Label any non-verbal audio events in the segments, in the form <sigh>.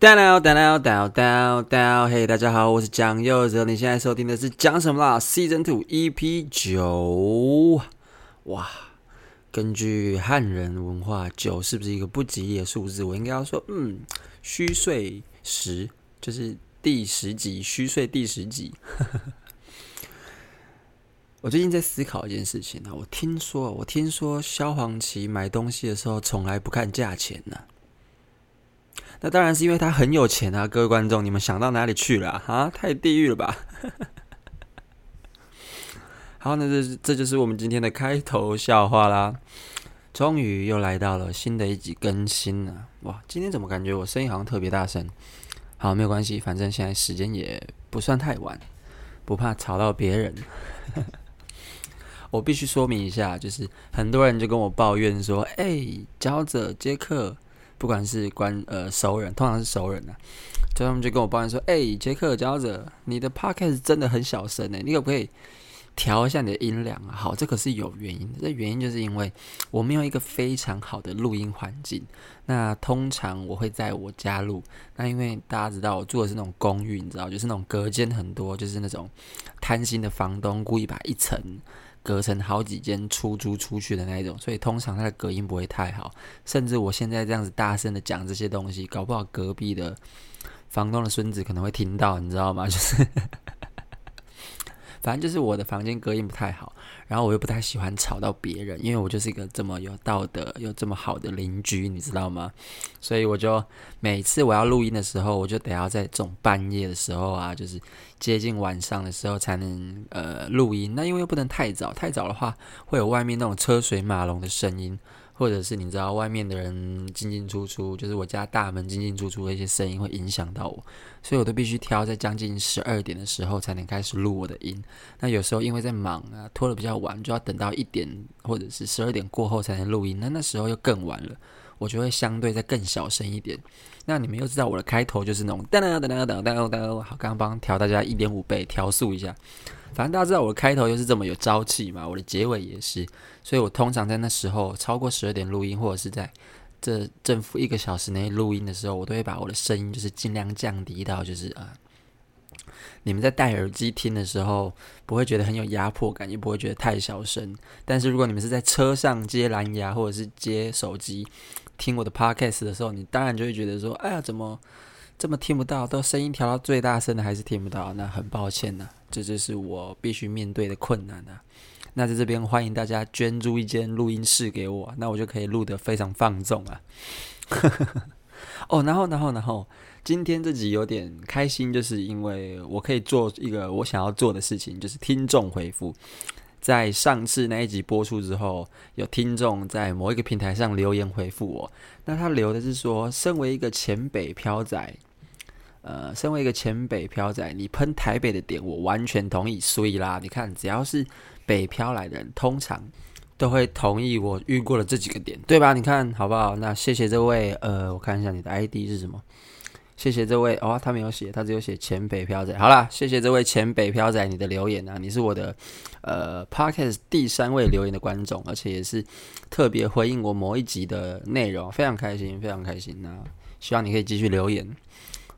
Down, down, down, down, down. Hey，大家好，我是蔣又哲。你現在收聽的是《講什麼啦》Season 2 EP 九。哇，根據漢人文化，九是不是一個不吉利的數字？我應該要說，嗯，虛歲十，就是第十集，虛歲第十集。 <laughs> 我最近在思考一件事情啊，我聽說，我聽說蕭煌奇買東西的時候從來不看價錢呢、啊。那當然是因為他很有錢啊！各位觀眾，你們想到哪裡去了啊？啊太地獄了吧！ <laughs> 好，那這這就是我們今天的開頭笑話啦。終於又來到了新的一集更新了。哇，今天怎麼感覺我聲音好像特別大聲？好，沒有關係，反正現在時間也不算太晚，不怕吵到別人。 <laughs> 我必須說明一下，就是很多人就跟我抱怨說：“誒、欸，教者接客。傑克”不管是關呃熟人，通常是熟人吶、啊，所以他們就跟我抱怨說：“哎、欸，傑克教者，你的 podcast 真的很小聲呢、欸，你可不可以調一下你的音量啊？”好，這可是有原因的，這原因就是因為我沒有一個非常好的錄音環境。那通常我會在我家錄，那因為大家知道我住的是那種公寓，你知道，就是那種隔間很多，就是那種貪心的房東故意把一層。隔成好幾間出租出去的那一種，所以通常它的隔音不會太好。甚至我現在這樣子大聲的講這些東西，搞不好隔壁的房東的孫子可能會聽到，你知道嗎？就是。 <laughs> 反正就是我的房間隔音不太好，然後我又不太喜歡吵到別人，因為我就是一個這麼有道德又這麼好的鄰居，你知道嗎？所以我就每次我要錄音的時候，我就得要在這種半夜的時候啊，就是接近晚上的時候才能呃錄音。那因為又不能太早，太早的話會有外面那種車水馬龍的聲音。或者是你知道外面的人進進出出，就是我家大門進進出出的一些聲音會影響到我，所以我都必須挑在將近十二點的時候才能開始錄我的音。那有時候因為在忙啊，拖得比較晚，就要等到一點或者是十二點過後才能錄音，那那時候又更晚了，我就會相對再更小聲一點。那你們又知道我的開頭就是那種噔噔噔噔噔噔，好，剛剛幫調大家一點五倍調速一下。反正大家知道我的開頭又是這麼有朝氣嘛，我的結尾也是，所以我通常在那時候超過十二點錄音，或者是在這正負一個小時內錄音的時候，我都會把我的聲音就是盡量降低到就是啊、呃，你們在戴耳機聽的時候不會覺得很有壓迫感，也不會覺得太小聲。但是如果你們是在車上接藍牙或者是接手機聽我的 Podcast 的時候，你當然就會覺得說，哎呀，怎麼？這麼聽不到，都聲音調到最大聲的。還是聽不到。那很抱歉呢、啊，這就是我必須面對的困難呢、啊。那在這邊歡迎大家捐助一間錄音室給我，那我就可以錄得非常放縱啊。 <laughs> 哦，然後，然後，然後，今天這集有點開心，就是因為我可以做一個我想要做的事情，就是聽眾回復。在上次那一集播出之後，有聽眾在某一個平台上留言回復我，那他留的是說，身為一個前北漂仔。呃，身為一個前北漂仔，你噴台北的點，我完全同意。所以啦，你看，只要是北漂來的人，通常都會同意我遇過了這幾個點，對吧？你看好不好？那謝謝這位，呃，我看一下你的 ID 是什麼？謝謝這位哦，他沒有寫，他只有寫前北漂仔。好啦，謝謝這位前北漂仔，你的留言啊，你是我的呃 Podcast 第三位留言的觀眾，而且也是特別回應我某一集的內容，非常開心，非常開心那、啊、希望你可以繼續留言。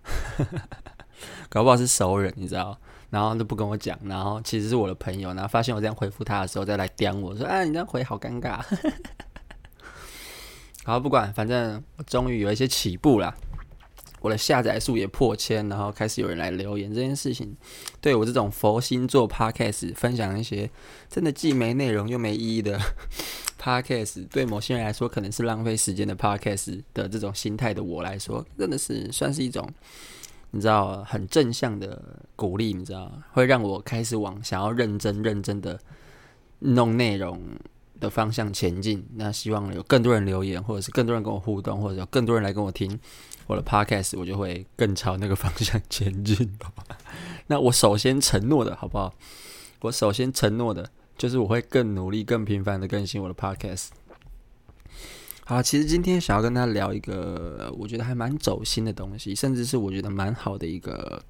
<laughs> 搞不好是熟人，你知道？然後都不跟我講，然後其實是我的朋友，然後發現我這樣回復他的時候，再來叼我說：“啊，你這樣回好尷尬。 <laughs> ”好，不管，反正我終於有一些起步了，我的下載數也破千，然後開始有人來留言，這件事情對我這種佛心做 podcast 分享一些真的既沒內容又沒意義的。Podcast 對某些人來說可能是浪費時間的，Podcast 的這種心態的我來說，真的是算是一種，你知道，很正向的鼓勵。你知道，會讓我開始往想要認真認真的弄內容的方向前進。那希望有更多人留言，或者是更多人跟我互動，或者有更多人來跟我聽我的 Podcast，我就會更朝那個方向前進吧。 <laughs> 那我首先承諾的好不好？我首先承諾的。就是我會更努力、更頻繁地更新我的 Podcast。好，其實今天想要跟大家聊一個我覺得還蠻走心的東西，甚至是我覺得蠻好的一個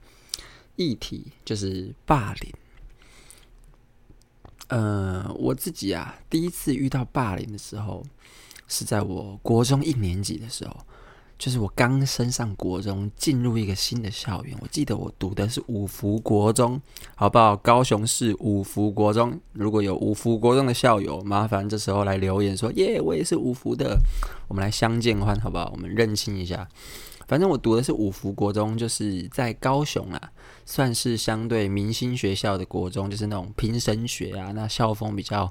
議題，就是霸凌。呃，我自己啊，第一次遇到霸凌的時候是在我國中一年級的時候。就是我剛升上國中，進入一個新的校園。我記得我讀的是五福國中，好不好？高雄市五福國中，如果有五福國中的校友，麻煩這時候來留言說，耶、yeah，我也是五福的，我們來相見歡，好不好？我們認清一下。反正我讀的是五福國中，就是在高雄啊，算是相對明星學校的國中，就是那種拼升學啊，那校風比較。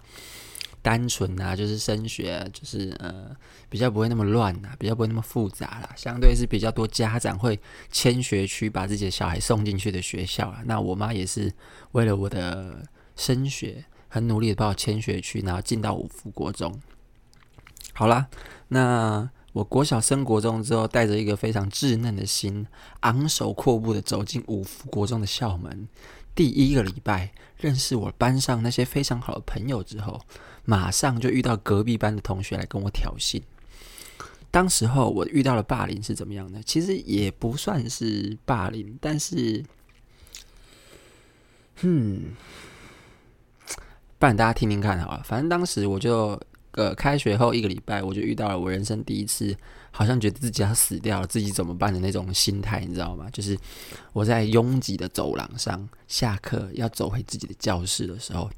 單純啊，就是升學啊，就是呃，比較不會那麼亂啊，比較不會那麼複雜啦啊。相對是比較多家長會遷學區，把自己的小孩送進去的學校啊。那我媽也是為了我的升學，很努力的把我遷學區，然後進到五福國中。好啦，那我國小升國中之後，帶着一個非常稚嫩的心，昂首闊步的走進五福國中的校門。第一個禮拜認識我班上那些非常好的朋友之後，馬上就遇到隔壁班的同學來跟我挑釁。當時候我遇到了霸凌是怎麼樣的？其實也不算是霸凌，但是，嗯，不然大家聽聽看好了。反正當時我就呃，開學後一個禮拜，我就遇到了我人生第一次。好像覺得自己要死掉了，自己怎麼辦的那種心態，你知道嗎？就是我在擁擠的走廊上，下課要走回自己的教室的時候。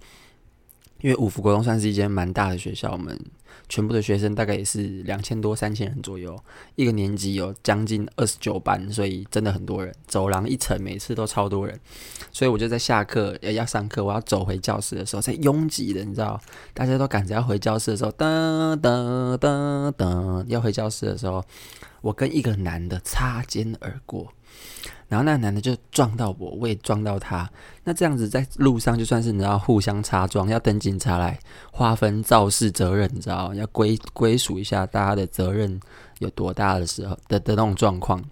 因為五福國中算是一間蠻大的學校，我們全部的學生大概也是兩千多、三千人左右，一個年級有將近二十九班，所以真的很多人，走廊一層每次都超多人，所以我就在下課要要上課，我要走回教室的時候，在擁擠的，你知道大家都趕着要回教室的時候，噔噔噔噔，要回教室的時候，我跟一個男的擦肩而過。然後那個男的就撞到我，我也撞到他。那這樣子在路上就算是你知道互相擦撞，要等警察來劃分肇事責任，你知道？要歸歸屬一下大家的責任有多大的時候的的那種狀況。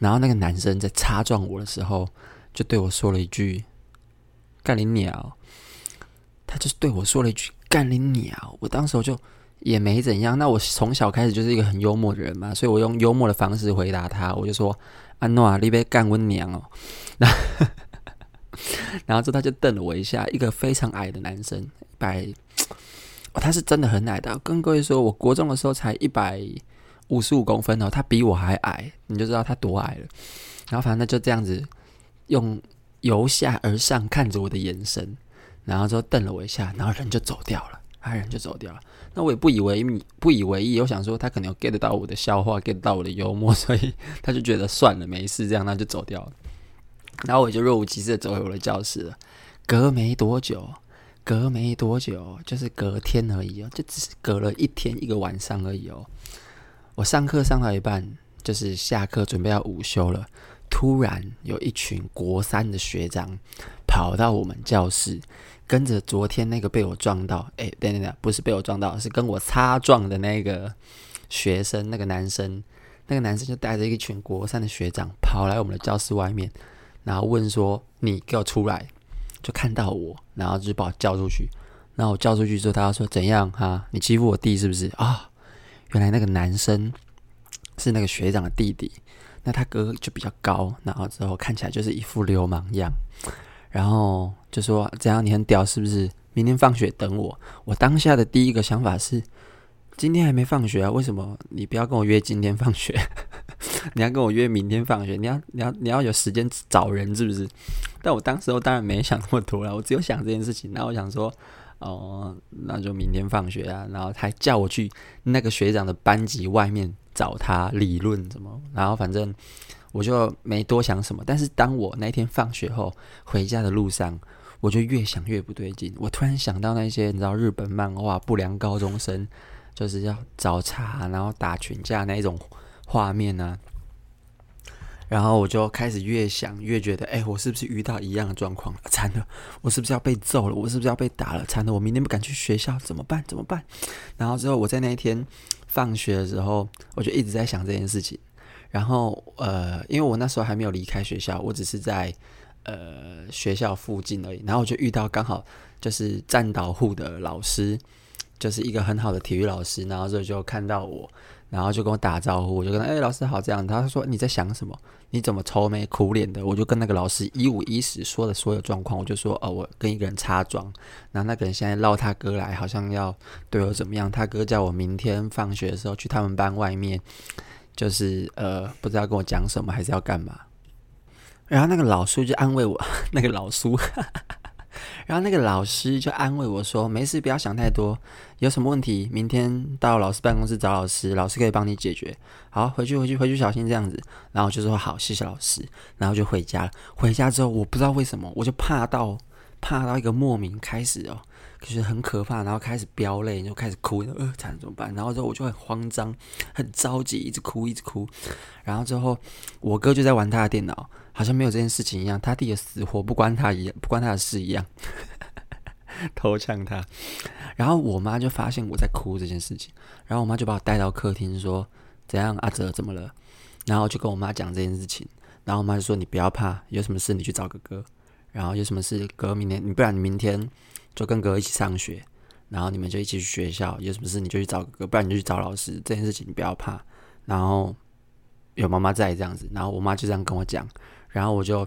然後那個男生在擦撞我的時候，就對我說了一句“幹林鳥”，他就是對我說了一句“幹林鳥”。我當時就也沒怎樣。那我從小開始就是一個很幽默的人嘛，所以我用幽默的方式回答他，我就說。安諾啊，你別幹我娘哦！ <laughs> 然後，然後之後他就瞪了我一下。一個非常矮的男生，一百、哦，他是真的很矮的、哦。跟各位說，我國中的時候才一百五十五公分哦，他比我還矮，你就知道他多矮了。然後，反正他就這樣子用由下而上看着我的眼神，然後就瞪了我一下，然後人就走掉了，啊，人就走掉了。那我也不以為不以為意，我想說他可能有 get 到我的笑話，get 到我的幽默，所以他就覺得算了，沒事這樣，他就走掉了。然後我就若無其事地走回我的教室了。隔沒多久，隔沒多久，就是隔天而已哦，就只是隔了一天一個晚上而已哦。我上課上到一半，就是下課準備要午休了，突然有一群國三的學長跑到我們教室。跟着昨天那個被我撞到，欸，等等等，不是被我撞到，是跟我擦撞的那個學生，那個男生，那個男生就帶着一群國三的學長跑來我們的教室外面，然後問說：“你給我出來！”就看到我，然後就把我叫出去。那我叫出去之後，他說：“怎樣哈？你欺負我弟是不是啊？”原來那個男生是那個學長的弟弟，那他哥哥就比較高，然後之後看起來就是一副流氓樣，然後。就說這樣你很屌是不是？明天放學等我。我當下的第一個想法是，今天還沒放學啊，為什麼你不要跟我約今天放學？ <laughs> 你要跟我約明天放學？你要你要你要有時間找人是不是？但我當時候當然沒想那麼多啦，我只有想這件事情。那我想說，哦，那就明天放學啊。然後還叫我去那個學長的班級外面找他理論什麼。然後反正我就沒多想什麼。但是當我那天放學後回家的路上。我就越想越不對勁，我突然想到那些你知道日本漫畫《不良高中生》，就是要找茬，然後打群架那一種畫面呢、啊。然後我就開始越想越覺得，誒、欸，我是不是遇到一樣的狀況了？慘了，我是不是要被揍了？我是不是要被打了？慘了，我明天不敢去學校，怎麼辦？怎麼辦？然後之後我在那一天放學的時候，我就一直在想這件事情。然後呃，因為我那時候還沒有離開學校，我只是在。呃，學校附近而已。然後我就遇到剛好就是站導護的老師，就是一個很好的體育老師。然後這就看到我，然後就跟我打招呼，我就跟他：“哎、欸，老師好。”這樣，他說：“你在想什麼？你怎麼愁眉苦臉的？”我就跟那個老師一五一十說了所有狀況。我就說：“哦、呃，我跟一個人擦撞，然後那個人現在繞他哥來，好像要對我怎麼樣。他哥叫我明天放學的時候去他們班外面，就是呃，不知道跟我講什麼，還是要幹嘛。”然後那個老師就安慰我，那個老師， <laughs> 然後那個老師就安慰我說：“沒事，不要想太多，有什麼問題明天到老師辦公室找老師，老師可以幫你解決。”好，回去回去回去，回去小心這樣子。然後就說：“好，謝謝老師。”然後就回家了。回家之後，我不知道為什麼，我就怕到怕到一個莫名開始哦，就是很可怕，然後開始飆淚，就開始哭，呃，慘怎麼辦？然後之後我就很慌張，很着急，一直哭一直哭。然後之後我哥就在玩他的電腦。好像沒有這件事情一樣，他弟的死活不關他一樣，不關他的事一樣，偷 <laughs> 嗆他。然後我媽就發現我在哭這件事情，然後我媽就把我帶到客廳說：“怎樣，阿、啊、哲怎麼了？”然後就跟我媽講這件事情，然後我媽就說：“你不要怕，有什麼事你去找哥哥。然後有什麼事，哥明天你，不然你明天就跟哥一起上學，然後你們就一起去學校。有什麼事你就去找哥哥，不然你就去找老師。這件事情你不要怕，然後有媽媽在這樣子。”然後我媽就這樣跟我講。然後我就，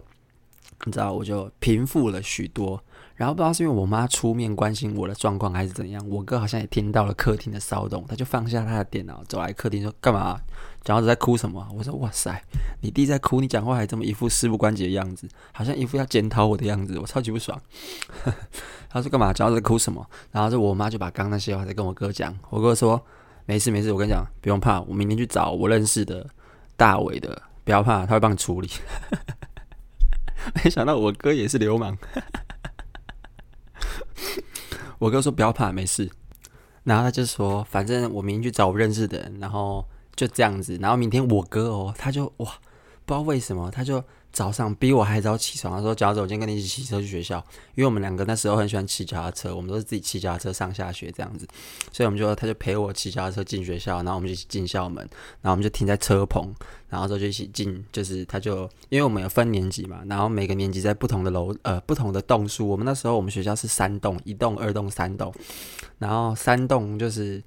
你知道，我就平復了許多。然後不知道是因為我媽出面關心我的狀況，還是怎樣，我哥好像也聽到了客廳的騷動，他就放下他的電腦，走來客廳說：“幹嘛？餃子在哭什麼？”我說：“哇塞，你弟在哭，你講話還這麼一副事不關己的樣子，好像一副要檢討我的樣子，我超級不爽。 <laughs> ”他說：“幹嘛？餃子在哭什麼？”然後就我媽就把剛那些話再跟我哥講，我哥說：“沒事沒事，我跟你講，不用怕，我明天去找我認識的大偉的。”不要怕，他會幫你處理。 <laughs> 沒想到我哥也是流氓。 <laughs> 我哥說不要怕，沒事。然後他就說，反正我明天去找我認識的人，然後就這樣子。然後明天我哥哦，他就，哇，不知道為什麼，他就。早上比我還早起床，他說：“喬走，我今天跟你一起騎車去學校。”因為我們兩個那時候很喜歡騎腳踏車，我們都是自己騎腳踏車上下學這樣子，所以我們就他就陪我騎腳踏車進學校，然後我們就一起進校門，然後我們就停在車棚，然後就一起進。就是他就因為我們有分年級嘛，然後每個年級在不同的樓，呃，不同的棟數。我們那時候我們學校是三棟，一棟、二棟、三棟，然後三棟就是。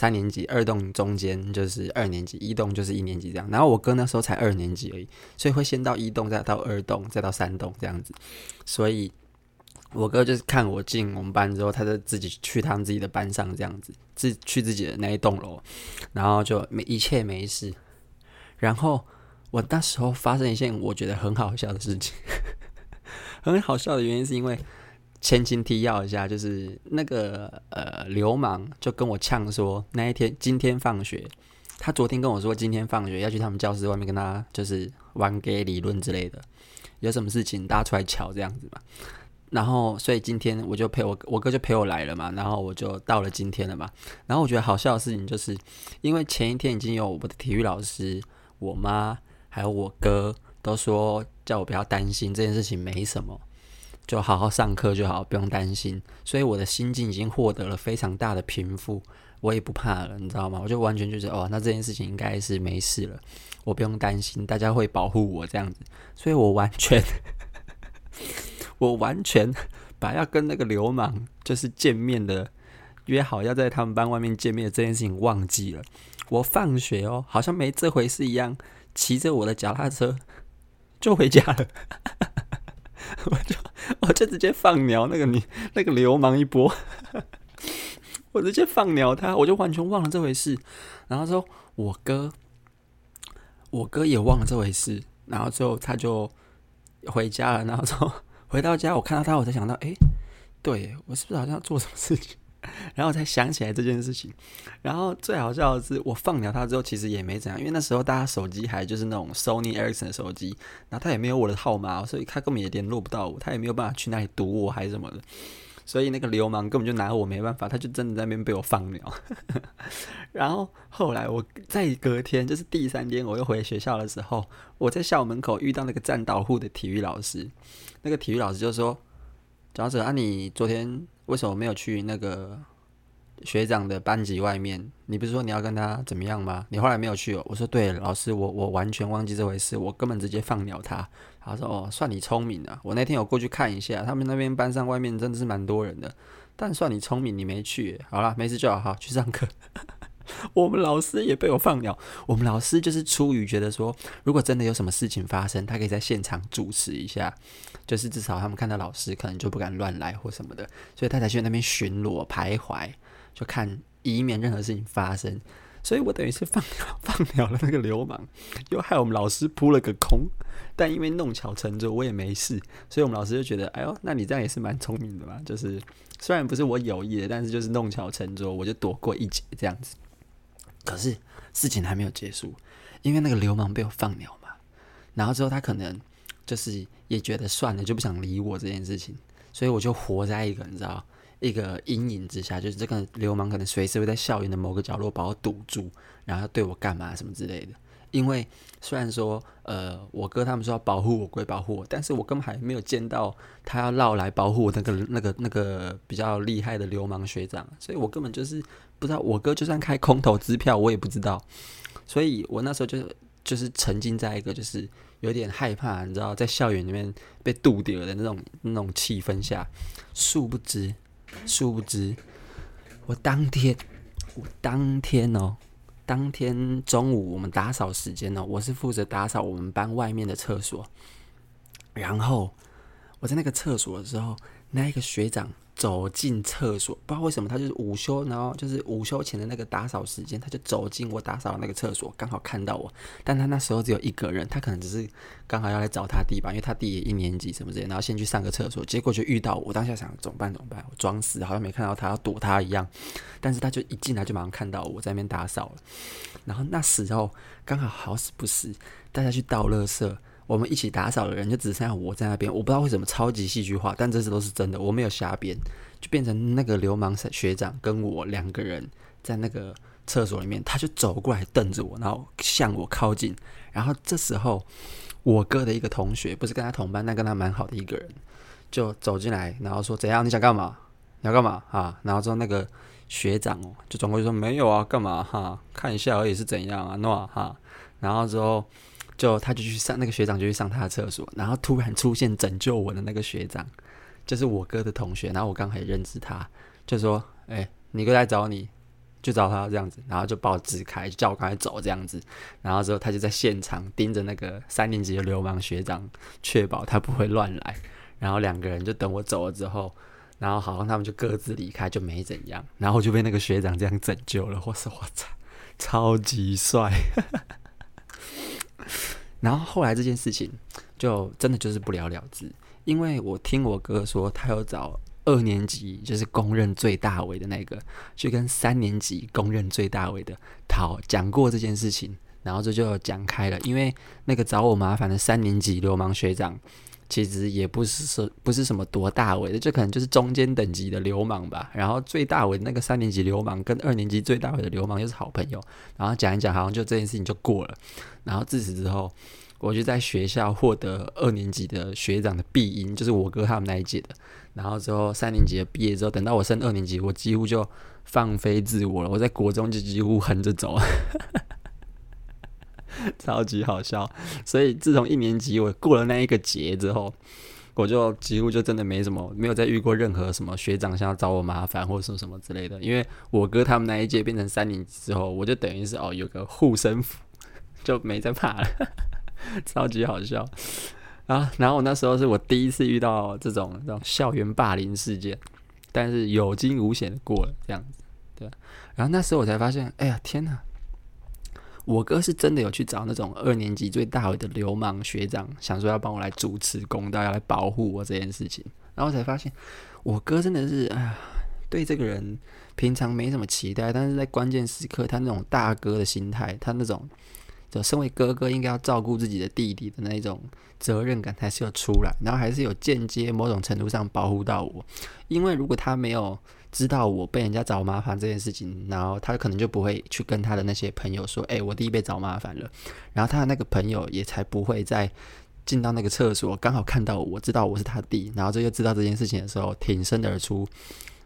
三年級二棟，中間就是二年級，一棟就是一年級這樣。然後我哥那時候才二年級而已，所以會先到一棟，再到二棟，再到三棟這樣子。所以，我哥就是看我進我們班之後，他就自己去他們自己的班上這樣子，自去自己的那一棟樓，然後就沒一切沒事。然後我那時候發生一件我覺得很好笑的事情， <laughs> 很好笑的原因是因為。前情提要一下，就是那個呃，流氓就跟我嗆說，那一天今天放學，他昨天跟我說今天放學要去他們教室外面跟他就是玩給理論之類的，有什麼事情大家出來喬這樣子嘛。然後，所以今天我就陪我我哥就陪我來了嘛，然後我就到了今天了嘛。然後我覺得好笑的事情就是，因為前一天已經有我的體育老師、我媽還有我哥都說叫我不要擔心這件事情，沒什麼。就好好上課就好，不用擔心。所以我的心境已經獲得了非常大的平復，我也不怕了，你知道嗎？我就完全就覺得哦，那這件事情應該是沒事了，我不用擔心，大家會保護我這樣子。所以我完全， <laughs> 我完全把要跟那個流氓就是見面的約好要在他們班外面見面的這件事情忘記了。我放學哦，好像沒這回事一樣，騎着我的腳踏車就回家了。 <laughs> <laughs> 我就我就直接放鳥，那個你那個流氓一波， <laughs> 我直接放鳥他，我就完全忘了這回事。然後說，我哥，我哥也忘了這回事。然後之後他就回家了。然後說回到家，我看到他，我才想到，哎，對，我是不是好像要做什麼事情？然後我才想起來這件事情，然後最好笑的是，我放鳥他之後其實也沒怎樣，因為那時候大家手機還就是那種 Sony Ericsson 的手機，然後他也沒有我的號碼，所以他根本也聯絡不到我，他也沒有辦法去那裡堵我還是什麼的，所以那個流氓根本就拿我沒辦法，他就真的在那邊被我放鳥。 <laughs> 然後後來我在隔天，就是第三天，我又回學校的時候，我在校門口遇到那個站導護的體育老師，那個體育老師就說：“嘉澤啊，你昨天……”為什麼我沒有去那個學長的班級外面？你不是說你要跟他怎麼樣嗎？你後來沒有去哦。我說對了，老師，我我完全忘記這回事，我根本直接放鳥他。他說哦，算你聰明啊。我那天有過去看一下，他們那邊班上外面真的是蠻多人的，但算你聰明，你沒去。好了，沒事就好，好，去上課。 <laughs> 我們老師也被我放鳥。我們老師就是出於覺得說，如果真的有什麼事情發生，他可以在現場主持一下。就是至少他們看到老師，可能就不敢亂來或什麼的，所以他才去那邊巡邏徘徊，就看以免任何事情發生。所以我等於是放放，了那個流氓，又害我們老師撲了個空。但因為弄巧成拙，我也沒事，所以我們老師就覺得，哎呦，那你這樣也是蠻聰明的嘛，就是雖然不是我有意的，但是就是弄巧成拙，我就躲過一劫這樣子。可是事情還沒有結束，因為那個流氓被我放了嘛，然後之後他可能。就是也覺得算了，就不想理我這件事情，所以我就活在一個你知道，一個陰影之下，就是這個流氓可能隨時會在校園的某個角落把我堵住，然後對我幹嘛什麼之類的。因為雖然說，呃，我哥他們說要保護我，歸保護我，但是我根本還沒有見到他要繞來保護我那個那個那個比較厲害的流氓學長，所以我根本就是不知道。我哥就算開空頭支票，我也不知道。所以我那時候就就是沉浸在一個就是。有點害怕，你知道，在校園裡面被堵掉的那種那種氣氛下，殊不知，殊不知，我當天，我當天哦、喔，當天中午我們打掃時間呢、喔，我是負責打掃我們班外面的廁所，然後我在那個廁所的時候，那一個學長。走進廁所，不知道為什麼他就是午休，然後就是午休前的那個打掃時間，他就走進我打掃的那個廁所，剛好看到我。但他那時候只有一個人，他可能只是剛好要來找他弟吧，因為他弟也一年級什麼之類，然後先去上個廁所，結果就遇到我。我當下想怎麼辦？怎麼辦？我裝死，好像沒看到他，要躲他一樣。但是他就一進來就馬上看到我在那邊打掃了。然後那時候剛好好死不死，帶他去倒垃圾。我們一起打掃的人就只剩下，我在那邊，我不知道為什麼超級戲劇化，但這次都是真的，我沒有瞎編，就變成那個流氓學長跟我兩個人在那個廁所裡面，他就走過來瞪着我，然後向我靠近，然後這時候我哥的一個同學，不是跟他同班，但跟他蠻好的一個人，就走進來，然後說怎樣？你想幹嘛？你要幹嘛啊？然後之後那個學長哦，就轉過去說沒有啊，幹嘛哈、啊？看一下而已是怎樣啊？那哈、啊，然後之後。就他就去上那個學長就去上他的廁所，然後突然出現拯救我的那個學長，就是我哥的同學，然後我剛才認識他，就說：“哎、欸，你哥來找你，就找他這樣子，然後就把我支開，就叫我趕快走這樣子。”然後之後他就在現場盯着那個三年級的流氓學長，確保他不會亂來。然後兩個人就等我走了之後，然後好讓他們就各自離開，就沒怎樣。然後我就被那個學長這樣拯救了，我說：‘我操，超級帥！’ <laughs> 然後後來這件事情就真的就是不了了之，因為我聽我哥說，他有找二年級就是公認最大尾的那個，去跟三年級公認最大尾的討講過這件事情，然後這就，就講開了，因為那個找我麻煩的三年級流氓學長。其實也不是什，不是什麼多大尾的，就可能就是中間等級的流氓吧。然後最大尾的那個三年級流氓跟二年級最大尾的流氓又是好朋友。然後講一講，好像就這件事情就過了。然後自此之後，我就在學校獲得二年級的學長的庇蔭，就是我哥他們那一屆的。然後之後三年級的畢業之後，等到我升二年級，我幾乎就放飛自我了。我在國中就幾乎橫着走。 <laughs> 超級好笑，所以自從一年級我過了那一個節之後，我就幾乎就真的沒什麼，沒有再遇過任何什麼學長想要找我麻煩或者什麼什麼之類的。因為我哥他們那一屆變成三年級之後，我就等於是哦，有個護身符，就沒再怕了呵呵，超級好笑。然後然後我那時候是我第一次遇到這種這種校園霸凌事件，但是有驚無險的過了這樣子，對。然後那時候我才發現，哎呀天吶！我哥是真的有去找那種二年級最大尾的流氓學長，想說要幫我來主持公道，要來保護我這件事情。然後才發現，我哥真的是，哎呀，對這個人平常沒什麼期待，但是在關鍵時刻，他那種大哥的心態，他那種就身為哥哥應該要照顧自己的弟弟的那種責任感，還是要出來，然後還是有間接某種程度上保護到我。因為如果他沒有。知道我被人家找麻煩這件事情，然後他可能就不會去跟他的那些朋友說：“誒，我弟弟被找麻煩了。”然後他的那個朋友也才不會再進到那個廁所，剛好看到我知道我是他弟，然後這就又知道這件事情的時候挺身而出，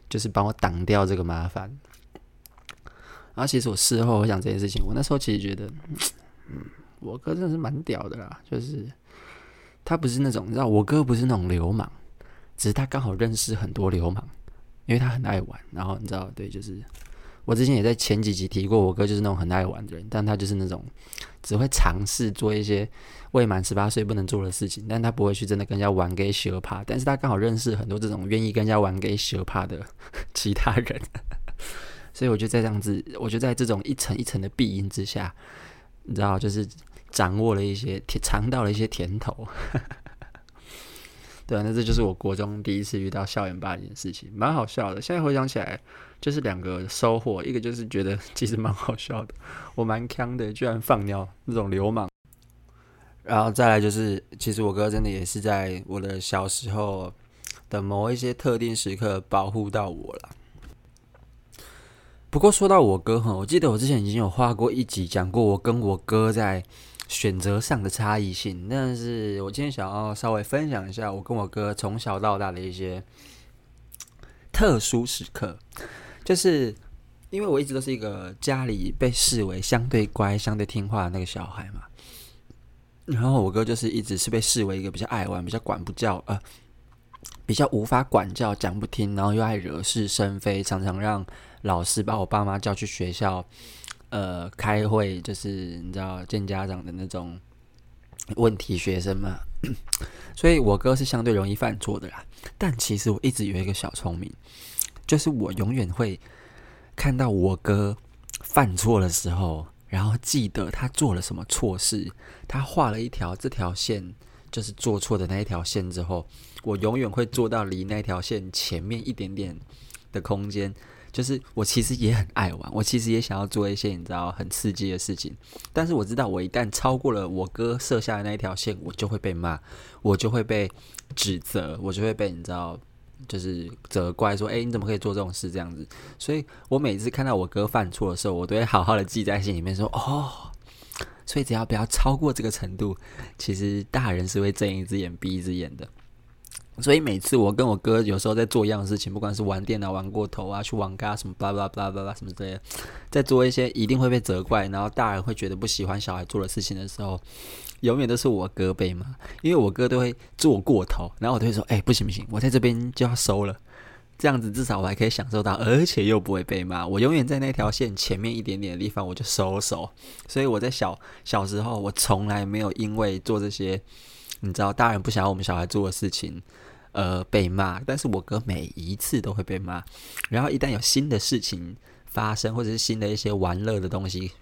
就是幫我擋掉這個麻煩。然後其實我事後我想這件事情，我那時候其實覺得，嗯，我哥真的是蠻屌的啦，就是他不是那種，你知道，我哥不是那種流氓，只是他剛好認識很多流氓。因為他很愛玩，然後你知道，對，就是我之前也在前幾集提過，我哥就是那種很愛玩的人，但他就是那種只會嘗試做一些未滿十八歲不能做的事情，但他不會去真的跟人家玩給人家怕，但是他剛好認識很多這種願意跟人家玩給人家怕的其他人，所以我就在這樣子，我就在這種一層一層的庇蔭之下，你知道，就是掌握了一些，嘗到了一些甜頭。對啊，那這就是我國中第一次遇到校園霸凌的事情，蠻好笑的。現在回想起來，就是兩個收穫，一個就是覺得其實蠻好笑的，我蠻鏘的，居然放尿那種流氓。然後再來就是，其實我哥真的也是在我的小時候的某一些特定時刻保護到我了。不過說到我哥哈，我記得我之前已經有畫過一集講過，我跟我哥在。選擇上的差異性，但是我今天想要稍微分享一下我跟我哥從小到大的一些特殊時刻，就是因為我一直都是一個家裡被視為相對乖，相對聽話的那個小孩嘛，然後我哥就是一直是被視為一個比較愛玩、比較管不教、呃，比較無法管教、講不聽，然後又愛惹是生非，常常讓老師把我爸媽叫去學校。呃，開會就是你知道見家長的那種問題學生嘛，所以我哥是相對容易犯錯的啦。但其實我一直有一個小聰明，就是我永遠會看到我哥犯錯的時候，然後記得他做了什麼錯事。他畫了一條這條線，就是做錯的那一條線之後，我永遠會坐到離那條線前面一點點的空間。就是我其實也很愛玩，我其實也想要做一些你知道很刺激的事情，但是我知道我一旦超過了我哥設下的那一條線，我就會被罵，我就會被指責，我就會被你知道就是責怪說，哎，你怎麼可以做這種事這樣子？所以我每次看到我哥犯錯的時候，我都會好好的記在心裡面說，說哦，所以只要不要超過這個程度，其實大人是會睜一隻眼閉一隻眼的。所以每次我跟我哥有時候在做一樣的事情，不管是玩電腦玩過頭啊，去網咖什麼，巴拉巴拉巴拉巴拉什麼之類的，在做一些一定會被責怪，然後大人會覺得不喜歡小孩做的事情的時候，永遠都是我哥被罵，因為我哥都會做過頭，然後我都會說，哎、欸，不行不行，我在這邊就要收了，這樣子至少我還可以享受到，而且又不會被罵。我永遠在那條線前面一點點的地方我就收手，所以我在小小時候，我從來沒有因為做這些。你知道大人不想要我們小孩做的事情，呃，被罵。但是我哥每一次都會被罵。然後一旦有新的事情發生，或者是新的一些玩樂的東西，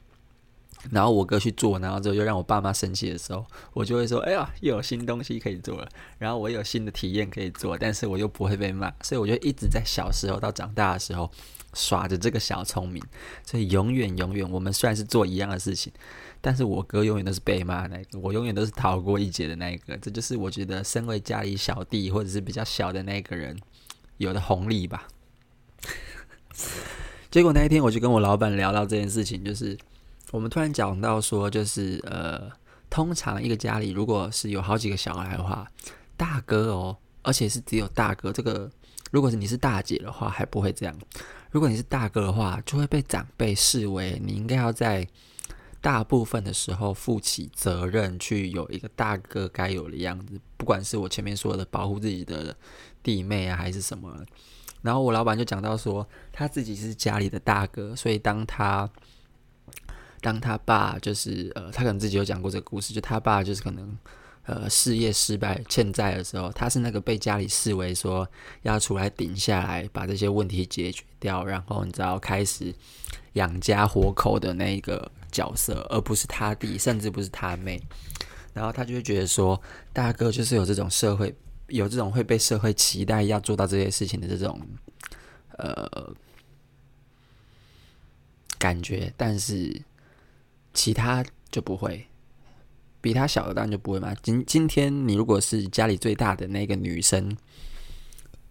然後我哥去做，然後之後又讓我爸媽生氣的時候，我就會說：“哎呀，又有新東西可以做了。”然後我有新的體驗可以做，但是我又不會被罵，所以我就一直在小時候到長大的時候耍着這個小聰明。所以永遠永遠，我們雖然是做一樣的事情。但是我哥永遠都是被罵的那個，我永遠都是逃過一劫的那一個。這就是我覺得身為家裡小弟或者是比較小的那個人有的紅利吧。 <laughs> 結果那一天我就跟我老闆聊到這件事情，就是我們突然講到說，就是呃，通常一個家裡如果是有好幾個小孩的話，大哥哦，而且是只有大哥這個，如果是你是大姐的話還不會這樣，如果你是大哥的話，就會被長輩視為你應該要在。大部分的時候，負起責任去有一個大哥該有的樣子，不管是我前面說的保護自己的弟妹啊，還是什麼。然後我老闆就講到說，他自己是家裡的大哥，所以當他當他爸就是呃，他可能自己有講過這個故事，就他爸就是可能呃，事業失敗欠債的時候，他是那個被家裡視為說要出來頂下來，把這些問題解決掉，然後你知道開始養家活口的那個。角色，而不是他弟，甚至不是他妹，然後他就會覺得說，大哥就是有這種社會，有這種會被社會期待要做到這些事情的這種呃感覺，但是其他就不會，比他小的當然就不會嘛。今今天你如果是家裡最大的那個女生，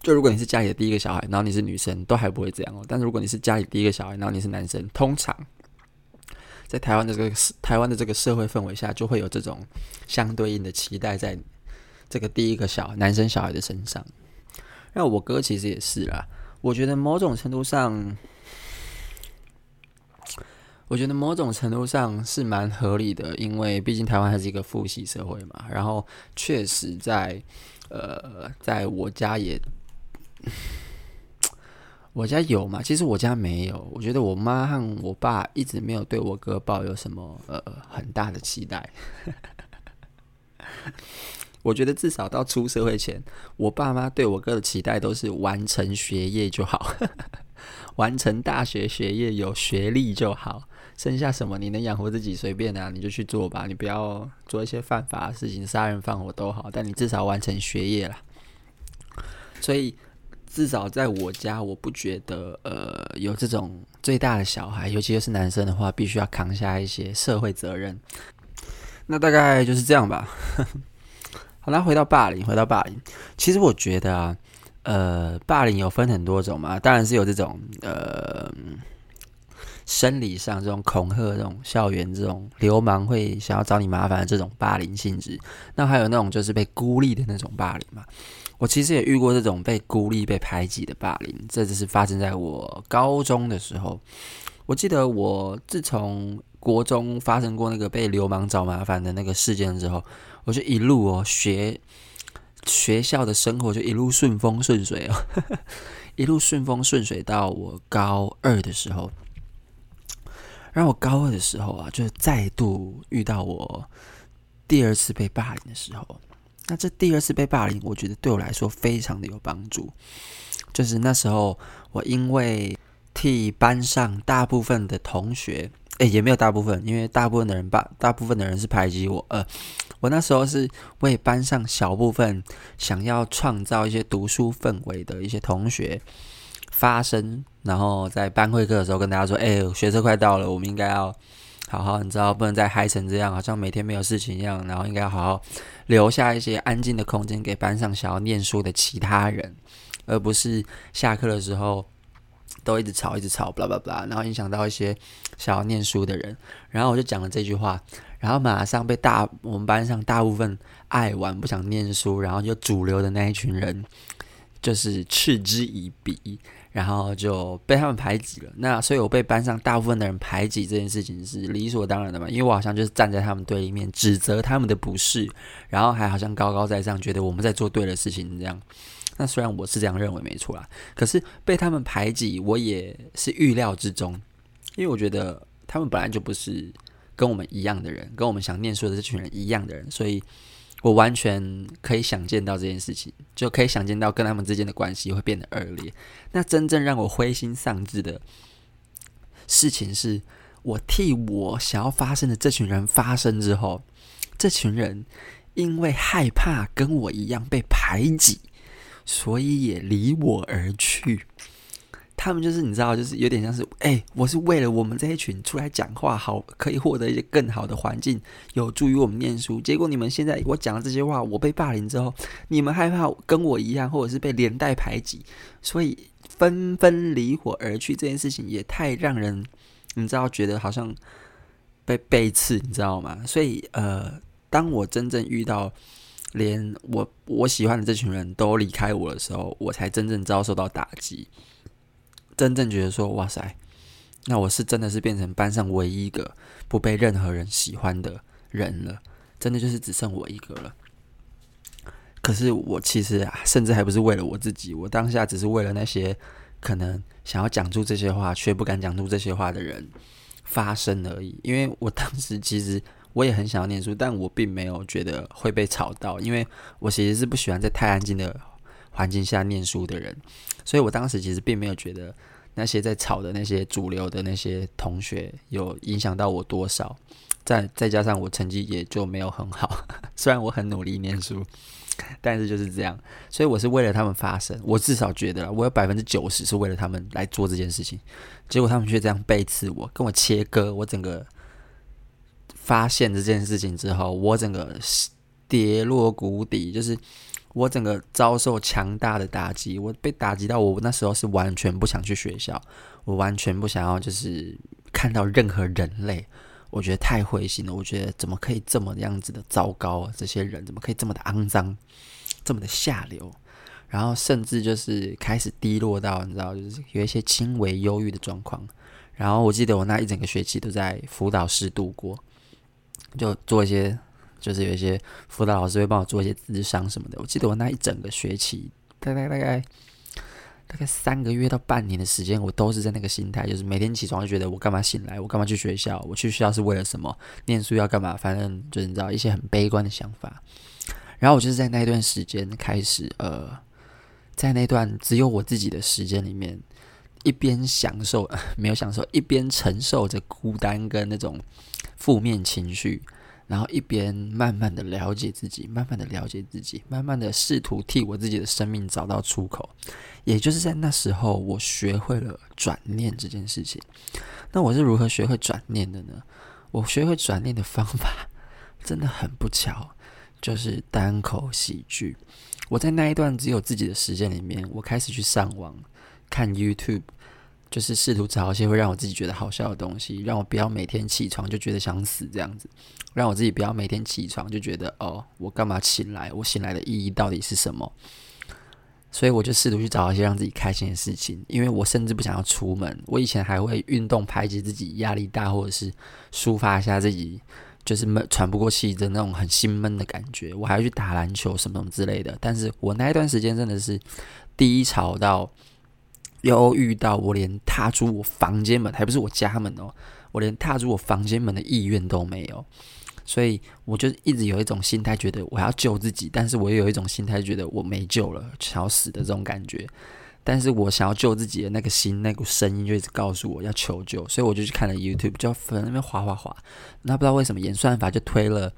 就如果你是家裡的第一個小孩，然後你是女生，都還不會這樣哦。但是如果你是家裡的第一個小孩，然後你是男生，通常。在台灣的這個台灣的這個社會氛圍下，就會有這種相對應的期待，在這個第一個小男生小孩的身上。那我哥其實也是啦，我覺得某種程度上，我覺得某種程度上是蠻合理的，因為畢竟台灣還是一個父系社會嘛。然後確實在呃，在我家也。我家有嗎？其實我家沒有。我覺得我媽和我爸一直沒有對我哥抱有什麼呃很大的期待。 <laughs> 我覺得至少到出社會前，我爸媽對我哥的期待都是完成學業就好， <laughs> 完成大學學業有學歷就好。剩下什麼你能養活自己隨便啊，你就去做吧，你不要做一些犯法的事情，殺人放火都好，但你至少完成學業啦。所以。至少在我家，我不覺得呃有這種最大的小孩，尤其是男生的話，必須要扛下一些社會責任。那大概就是這樣吧。 <laughs> 好啦，回到霸凌，回到霸凌。其實我覺得啊，呃，霸凌有分很多種嘛，當然是有這種呃生理上這種恐嚇、這種校園這種流氓會想要找你麻煩的這種霸凌性質，那還有那種就是被孤立的那種霸凌嘛。我其實也遇過這種被孤立、被排擠的霸凌，這就是發生在我高中的時候。我記得我自從國中發生過那個被流氓找麻煩的那個事件之後，我就一路哦，學，學校的生活就一路順風順水哦， <laughs> 一路順風順水到我高二的時候。然後我高二的時候啊，就再度遇到我第二次被霸凌的時候。那這第二次被霸凌，我覺得對我來說非常的有幫助。就是那時候，我因為替班上大部分的同學，誒也沒有大部分，因為大部分的人吧，大部分的人是排擠我，呃，我那時候是為班上小部分想要創造一些讀書氛圍的一些同學發聲，然後在班會課的時候跟大家說，誒，學測快到了，我們應該要。好好，你知道，不能再嗨成這樣，好像每天沒有事情一樣。然後應該要好好留下一些安靜的空間給班上想要念書的其他人，而不是下課的時候都一直吵一直吵，巴拉巴拉，然後影響到一些想要念書的人。然後我就講了這句話，然後馬上被大我們班上大部分愛玩不想念書，然後就主流的那一群人。就是嗤之以鼻，然後就被他們排擠了。那所以，我被班上大部分的人排擠這件事情是理所當然的嘛？因為我好像就是站在他們對立面，指責他們的不是，然後還好像高高在上，覺得我們在做對的事情這樣。那雖然我是這樣認為沒錯啦，可是被他們排擠，我也是預料之中，因為我覺得他們本來就不是跟我們一樣的人，跟我們想念書的這群人一樣的人，所以。我完全可以想見到這件事情，就可以想見到跟他們之間的關係會變得惡劣。那真正讓我灰心喪志的事情是，我替我想要發生的這群人發生之後，這群人因為害怕跟我一樣被排擠，所以也離我而去。他們就是你知道，就是有點像是，哎、欸，我是為了我們這一群出來講話好，好可以獲得一些更好的環境，有助於我們念書。結果你們現在我講了這些話，我被霸凌之後，你們害怕跟我一樣，或者是被連帶排擠，所以紛紛離我而去。這件事情也太讓人，你知道，覺得好像被背刺，你知道嗎？所以，呃，當我真正遇到連我我喜歡的這群人都離開我的時候，我才真正遭受到打擊。真正覺得說哇塞，那我是真的是變成班上唯一一個不被任何人喜歡的人了，真的就是只剩我一個了。可是我其實、啊、甚至還不是為了我自己，我當下只是為了那些可能想要講出這些話卻不敢講出這些話的人發聲而已。因為我當時其實我也很想要念書，但我並沒有覺得會被吵到，因為我其實是不喜歡在太安靜的。環境下念書的人，所以我當時其實並沒有覺得那些在吵的那些主流的那些同學有影響到我多少。再再加上我成績也就沒有很好， <laughs> 雖然我很努力念書，但是就是這樣。所以我是為了他們發聲，我至少覺得啦，我有百分之九十是為了他們來做這件事情。結果他們卻這樣背刺我，跟我切割。我整個發現這件事情之後，我整個跌落谷底，就是。我整個遭受強大的打擊，我被打擊到，我那時候是完全不想去學校，我完全不想要，就是看到任何人類，我覺得太灰心了，我覺得怎麼可以這麼樣子的糟糕，這些人怎麼可以這麼的骯髒，這麼的下流，然後甚至就是開始低落到，你知道，就是有一些輕微憂鬱的狀況，然後我記得我那一整個學期都在輔導室度過，就做一些。就是有一些輔導老師會幫我做一些智商什麼的。我記得我那一整個學期，大概大概大概三個月到半年的時間，我都是在那個心態，就是每天起床就覺得我幹嘛醒來，我幹嘛去學校，我去學校是為了什麼？念書要幹嘛？反正就是你知道一些很悲觀的想法。然後我就是在那段時間開始，呃，在那段只有我自己的時間裡面，一邊享受沒有享受，一邊承受着孤單跟那種負面情緒。然後一邊慢慢的了解自己，慢慢的了解自己，慢慢的試圖替我自己的生命找到出口。也就是在那時候，我學會了轉念這件事情。那我是如何學會轉念的呢？我學會轉念的方法，真的很不巧，就是單口喜劇。我在那一段只有自己的時間裡面，我開始去上網看 YouTube。就是試圖找一些會讓我自己覺得好笑的東西，讓我不要每天起床就覺得想死這樣子，讓我自己不要每天起床就覺得哦，我幹嘛起來？我醒來的意義到底是什麼？所以我就試圖去找一些讓自己開心的事情，因為我甚至不想要出門。我以前還會運動排解自己壓力大，或者是抒發一下自己就是悶、喘不過氣的那種很心悶的感覺。我還要去打籃球什麼什麼之類的。但是我那一段時間真的是低潮到。又遇到我，連踏出我房間門，還不是我家門哦，我連踏出我房間門的意願都沒有，所以我就一直有一種心態，覺得我要救自己，但是我又有一種心態，覺得我沒救了，想要死的這種感覺。但是我想要救自己的那個心，那個聲音，就一直告訴我要求救，所以我就去看了 YouTube，就在那邊滑滑滑，那不知道為什麼演算法就推了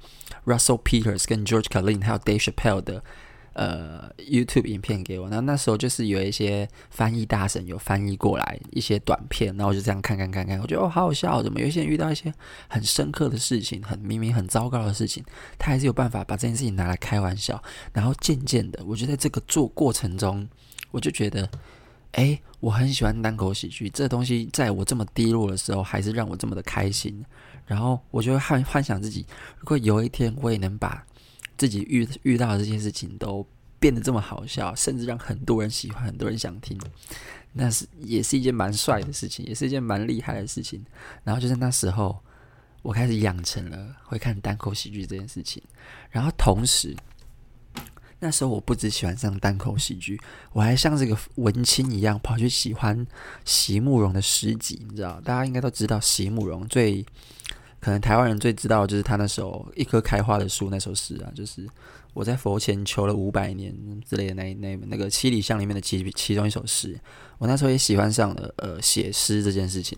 Russell Peters 跟 George Carlin 還有 Dave Chappelle 的。呃，YouTube 影片給我，那那時候就是有一些翻譯大神有翻譯過來一些短片，然後我就這樣看看看看，我覺得哦好好笑哦，怎麼有一些人遇到一些很深刻的事情，很明明很糟糕的事情，他還是有辦法把這件事情拿來開玩笑。然後漸漸的，我覺得這個做過程中，我就覺得，誒，我很喜歡單口喜劇，這東西在我這麼低落的時候，還是讓我這麼的開心。然後我就會幻幻想自己，如果有一天我也能把。自己遇遇到的這件事情都變得這麼好笑，甚至讓很多人喜歡，很多人想聽，那是也是一件蠻帥的事情，也是一件蠻厲害的事情。然後就在那時候，我開始養成了會看單口喜劇這件事情。然後同時，那時候我不只喜歡上單口喜劇，我還像這個文青一樣跑去喜歡席慕蓉的詩集，你知道？大家應該都知道席慕蓉最。可能台灣人最知道的就是他那首《一棵開花的樹》那首詩啊，就是我在佛前求了五百年之類的，那那那個七里香裡面的其其中一首詩。我那時候也喜歡上了呃寫詩這件事情，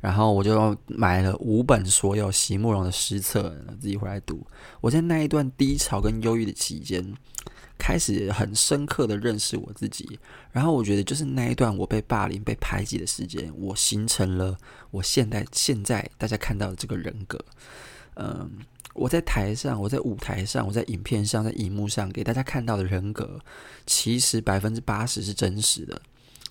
然後我就買了五本所有席慕蓉的詩冊，自己回來讀。我在那一段低潮跟憂鬱的期間。開始很深刻的認識我自己，然後我覺得就是那一段我被霸凌、被排擠的時間，我形成了我現在現在大家看到的這個人格。嗯，我在台上、我在舞台上、我在影片上、在熒幕上給大家看到的人格，其實百分之八十是真實的，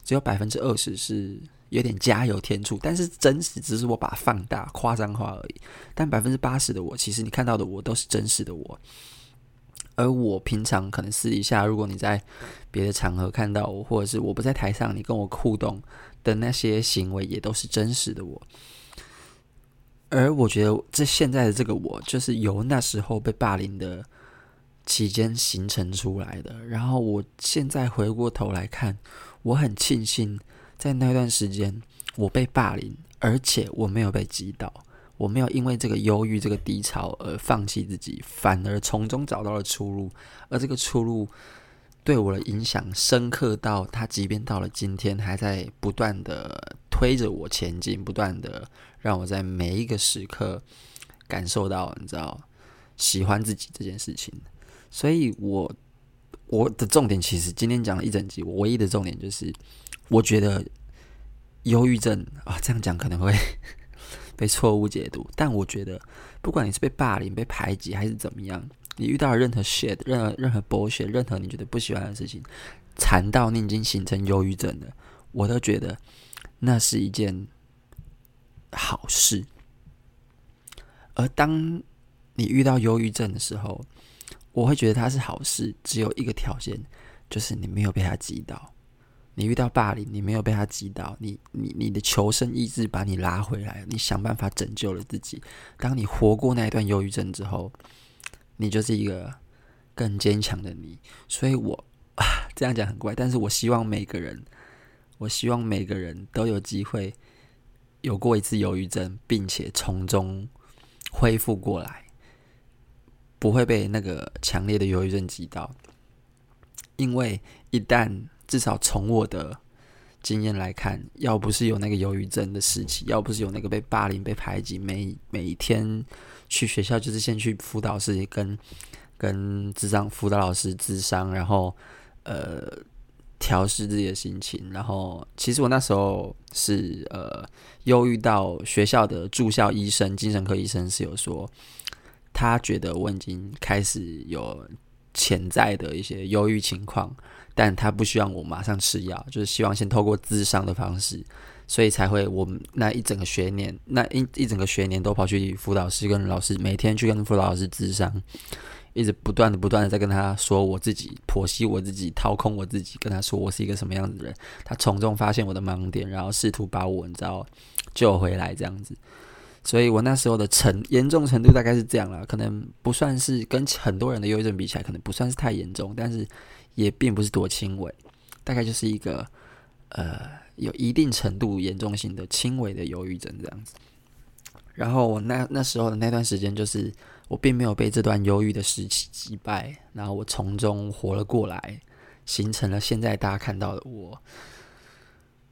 只有百分之二十是有點加油添醋，但是真實只是我把它放大、誇張化而已。但百分之八十的我，其實你看到的我都是真實的我。而我平常可能私底下，如果你在別的場合看到我，或者是我不在台上，你跟我互動的那些行為，也都是真實的我。而我覺得這現在的這個我，就是由那時候被霸凌的期間形成出來的。然後我現在回過頭來看，我很慶幸在那段時間我被霸凌，而且我沒有被擊倒。我沒有因為這個憂鬱、這個低潮而放棄自己，反而從中找到了出路。而這個出路對我的影響深刻到，他即便到了今天，還在不斷的推着我前進，不斷的讓我在每一個時刻感受到，你知道，喜歡自己這件事情。所以我，我我的重點其實今天講了一整集，我唯一的重點就是，我覺得憂鬱症啊、哦，這樣講可能會。被錯誤解讀，但我覺得，不管你是被霸凌、被排擠，還是怎麼樣，你遇到了任何 shit、任何任何剝削、任何你覺得不喜歡的事情，慘到你已經形成憂鬱症了，我都覺得那是一件好事。而當你遇到憂鬱症的時候，我會覺得它是好事，只有一個條件，就是你沒有被它擊倒。你遇到霸凌，你沒有被他擊倒，你你你的求生意志把你拉回來，你想辦法拯救了自己。當你活過那一段憂鬱症之後，你就是一個更堅強的你。所以我這樣講很怪，但是我希望每個人，我希望每個人都有機會有過一次憂鬱症，並且從中恢復過來，不會被那個強烈的憂鬱症擊倒，因為一旦至少從我的經驗來看，要不是有那個憂鬱症的事情，要不是有那個被霸凌，被排擠，每每天去學校就是先去輔導室跟跟諮商輔導老師諮商，然後呃調適自己的心情。然後其實我那時候是呃憂鬱到學校的駐校醫生，精神科醫生是有說，他覺得我已經開始有潛在的一些憂鬱情況。但他不希望我馬上吃藥，就是希望先透過諮商的方式，所以才會我那一整個學年，那一一整個學年都跑去輔導室跟老師，每天去跟輔導老師諮商，一直不斷的不斷的在跟他說，我自己剖析我自己、掏空我自己，跟他說我是一個什麼樣的人，他從中發現我的盲點，然後試圖把我你知道救回來這樣子。所以我那時候的程嚴重程度大概是這樣啦，可能不算是跟很多人的憂鬱症比起來，可能不算是太嚴重，但是。也並不是多輕微，大概就是一個呃有一定程度嚴重性的輕微的憂鬱症這樣子。然後我那那時候的那段時間，就是我並沒有被這段憂鬱的時期擊敗，然後我從中活了過來，形成了現在大家看到的我。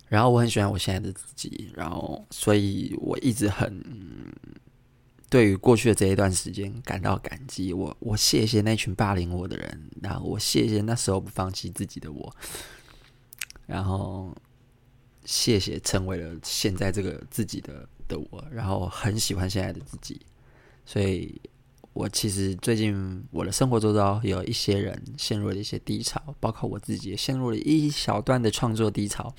然後我很喜歡我現在的自己，然後所以我一直很。對於過去的這一段時間感到感激，我我謝謝那群霸凌我的人，然後我謝謝那時候不放棄自己的我，然後謝謝成為了現在這個自己的的我，然後很喜歡現在的自己，所以我其實最近我的生活周遭有一些人陷入了一些低潮，包括我自己也陷入了一小段的創作低潮。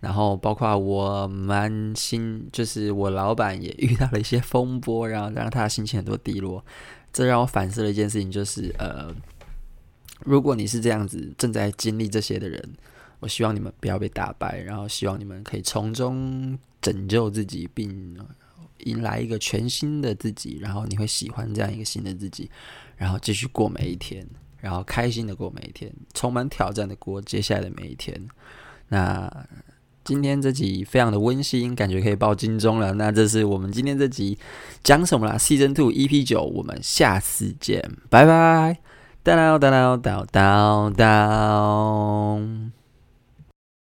然後包括我蠻心，就是我老闆也遇到了一些風波，然後讓他心情很多低落。這讓我反思了一件事情，就是呃，如果你是這樣子正在經歷這些的人，我希望你們不要被打敗，然後希望你們可以從中拯救自己，並迎來一個全新的自己。然後你會喜歡這樣一個新的自己，然後繼續過每一天，然後開心的過每一天，充滿挑戰的過接下來的每一天。那。今天這集非常的溫馨，感覺可以報金鐘了。那這是我們今天這集講什麼啦？Season 2 EP 9，我們下次見，拜拜！噠啦噠啦噠噠噠。